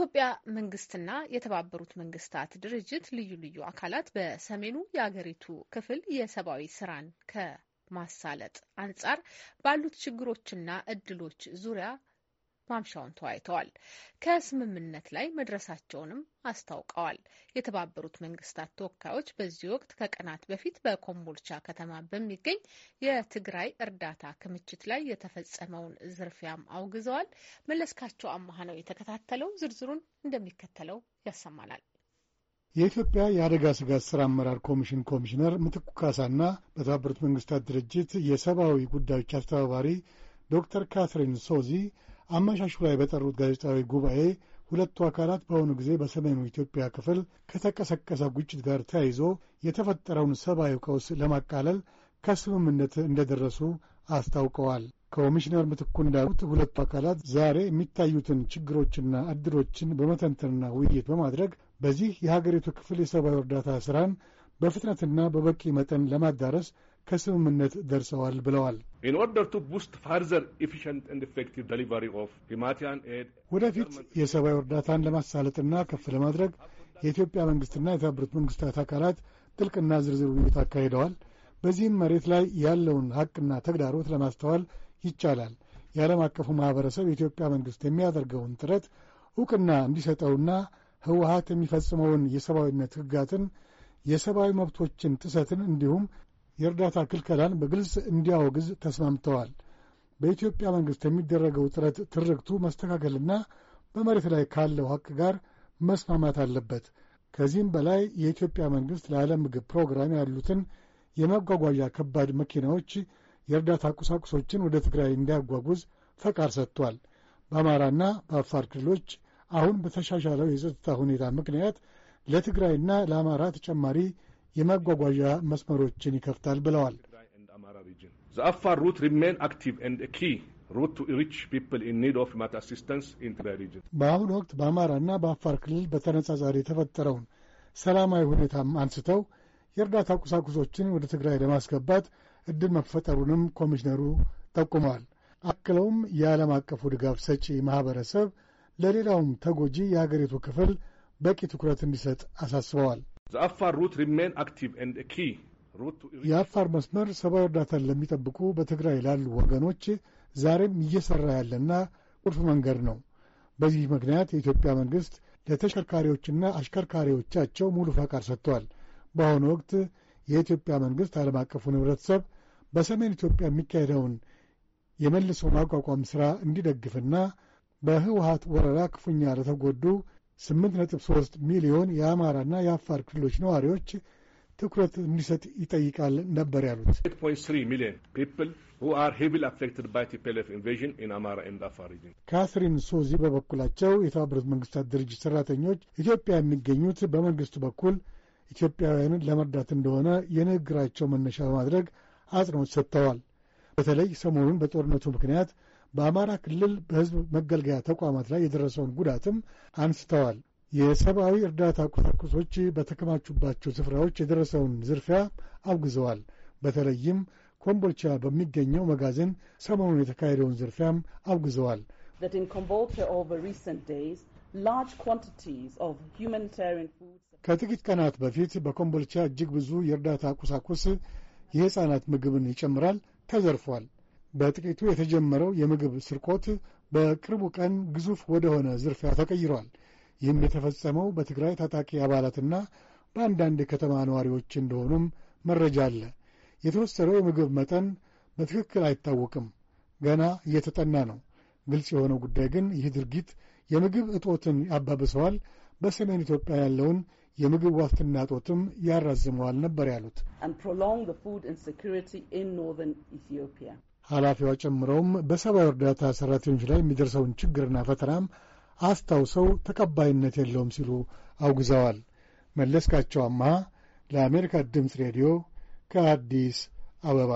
የኢትዮጵያ መንግስትና የተባበሩት መንግስታት ድርጅት ልዩ ልዩ አካላት በሰሜኑ የአገሪቱ ክፍል የሰብአዊ ስራን ከማሳለጥ አንጻር ባሉት ችግሮችና እድሎች ዙሪያ ማምሻውን ተወያይተዋል። ከስምምነት ላይ መድረሳቸውንም አስታውቀዋል። የተባበሩት መንግስታት ተወካዮች በዚህ ወቅት ከቀናት በፊት በኮምቦልቻ ከተማ በሚገኝ የትግራይ እርዳታ ክምችት ላይ የተፈጸመውን ዝርፊያም አውግዘዋል። መለስካቸው አማሃ ነው የተከታተለው። ዝርዝሩን እንደሚከተለው ያሰማናል። የኢትዮጵያ የአደጋ ስጋት ሥራ አመራር ኮሚሽን ኮሚሽነር ምትኩ ካሳና በተባበሩት መንግስታት ድርጅት የሰብአዊ ጉዳዮች አስተባባሪ ዶክተር ካትሪን ሶዚ አመሻሹ ላይ በጠሩት ጋዜጣዊ ጉባኤ ሁለቱ አካላት በአሁኑ ጊዜ በሰሜኑ ኢትዮጵያ ክፍል ከተቀሰቀሰ ግጭት ጋር ተያይዞ የተፈጠረውን ሰብአዊ ቀውስ ለማቃለል ከስምምነት እንደደረሱ አስታውቀዋል። ኮሚሽነር ምትኩ እንዳሉት ሁለቱ አካላት ዛሬ የሚታዩትን ችግሮችና እድሎችን በመተንተንና ውይይት በማድረግ በዚህ የሀገሪቱ ክፍል የሰብአዊ እርዳታ ስራን ። በፍጥነትና በበቂ መጠን ለማዳረስ ከስምምነት ደርሰዋል ብለዋል። ወደፊት የሰብአዊ እርዳታን ለማሳለጥና ከፍ ለማድረግ የኢትዮጵያ መንግስትና የተባበሩት መንግስታት አካላት ጥልቅና ዝርዝር ውይይት አካሂደዋል። በዚህም መሬት ላይ ያለውን ሐቅና ተግዳሮት ለማስተዋል ይቻላል። የዓለም አቀፉ ማኅበረሰብ የኢትዮጵያ መንግሥት የሚያደርገውን ጥረት ዕውቅና እንዲሰጠውና ህወሀት የሚፈጽመውን የሰብአዊነት ሕጋትን የሰብአዊ መብቶችን ጥሰትን እንዲሁም የእርዳታ ክልከላን በግልጽ እንዲያወግዝ ተስማምተዋል። በኢትዮጵያ መንግሥት የሚደረገው ጥረት ትርክቱ መስተካከልና በመሬት ላይ ካለው ሐቅ ጋር መስማማት አለበት። ከዚህም በላይ የኢትዮጵያ መንግሥት ለዓለም ምግብ ፕሮግራም ያሉትን የመጓጓዣ ከባድ መኪናዎች የእርዳታ ቁሳቁሶችን ወደ ትግራይ እንዲያጓጉዝ ፈቃድ ሰጥቷል። በአማራና በአፋር ክልሎች አሁን በተሻሻለው የጸጥታ ሁኔታ ምክንያት ለትግራይና ለአማራ ተጨማሪ የማጓጓዣ መስመሮችን ይከፍታል ብለዋል። አፋር ሩት ሪሜን አክቲቭ ኤንድ ኪ በአሁኑ ወቅት በአማራና በአፋር ክልል በተነጻጻሪ የተፈጠረውን ሰላማዊ ሁኔታም አንስተው የእርዳታ ቁሳቁሶችን ወደ ትግራይ ለማስገባት እድል መፈጠሩንም ኮሚሽነሩ ጠቁመዋል። አክለውም የዓለም አቀፉ ድጋፍ ሰጪ ማኅበረሰብ ለሌላውም ተጎጂ የሀገሪቱ ክፍል በቂ ትኩረት እንዲሰጥ አሳስበዋል። ኪ የአፋር መስመር ሰብአዊ እርዳታን ለሚጠብቁ በትግራይ ላሉ ወገኖች ዛሬም እየሰራ ያለና ቁልፍ መንገድ ነው። በዚህ ምክንያት የኢትዮጵያ መንግሥት ለተሽከርካሪዎችና አሽከርካሪዎቻቸው ሙሉ ፈቃድ ሰጥቷል። በአሁኑ ወቅት የኢትዮጵያ መንግሥት ዓለም አቀፉን ኅብረተሰብ በሰሜን ኢትዮጵያ የሚካሄደውን የመልሶ ማቋቋም ሥራ እንዲደግፍና በህወሀት ወረራ ክፉኛ ለተጎዱ 8.3 ሚሊዮን የአማራና የአፋር ክልሎች ነዋሪዎች ትኩረት እንዲሰጥ ይጠይቃል ነበር ያሉት። ካስሪን ሶዚ በበኩላቸው የተባበሩት መንግስታት ድርጅት ሰራተኞች ኢትዮጵያ የሚገኙት በመንግስቱ በኩል ኢትዮጵያውያንን ለመርዳት እንደሆነ የንግግራቸው መነሻ በማድረግ አጽንኦት ሰጥተዋል። በተለይ ሰሞኑን በጦርነቱ ምክንያት በአማራ ክልል በህዝብ መገልገያ ተቋማት ላይ የደረሰውን ጉዳትም አንስተዋል። የሰብአዊ እርዳታ ቁሳቁሶች በተከማቹባቸው ስፍራዎች የደረሰውን ዝርፊያ አውግዘዋል። በተለይም ኮምቦልቻ በሚገኘው መጋዘን ሰሞኑን የተካሄደውን ዝርፊያም አውግዘዋል። ከጥቂት ቀናት በፊት በኮምቦልቻ እጅግ ብዙ የእርዳታ ቁሳቁስ የሕፃናት ምግብን ይጨምራል ተዘርፏል። በጥቂቱ የተጀመረው የምግብ ስርቆት በቅርቡ ቀን ግዙፍ ወደሆነ ዝርፊያ ተቀይሯል። ይህም የተፈጸመው በትግራይ ታጣቂ አባላትና በአንዳንድ ከተማ ነዋሪዎች እንደሆኑም መረጃ አለ። የተወሰደው የምግብ መጠን በትክክል አይታወቅም፣ ገና እየተጠና ነው። ግልጽ የሆነው ጉዳይ ግን ይህ ድርጊት የምግብ እጦትን ያባብሰዋል፣ በሰሜን ኢትዮጵያ ያለውን የምግብ ዋስትና እጦትም ያራዝመዋል ነበር ያሉት። ኃላፊዋ ጨምረውም በሰብአዊ እርዳታ ሠራተኞች ላይ የሚደርሰውን ችግርና ፈተናም አስታውሰው ተቀባይነት የለውም ሲሉ አውግዘዋል። መለስካቸው አምሃ ለአሜሪካ ድምፅ ሬዲዮ ከአዲስ አበባ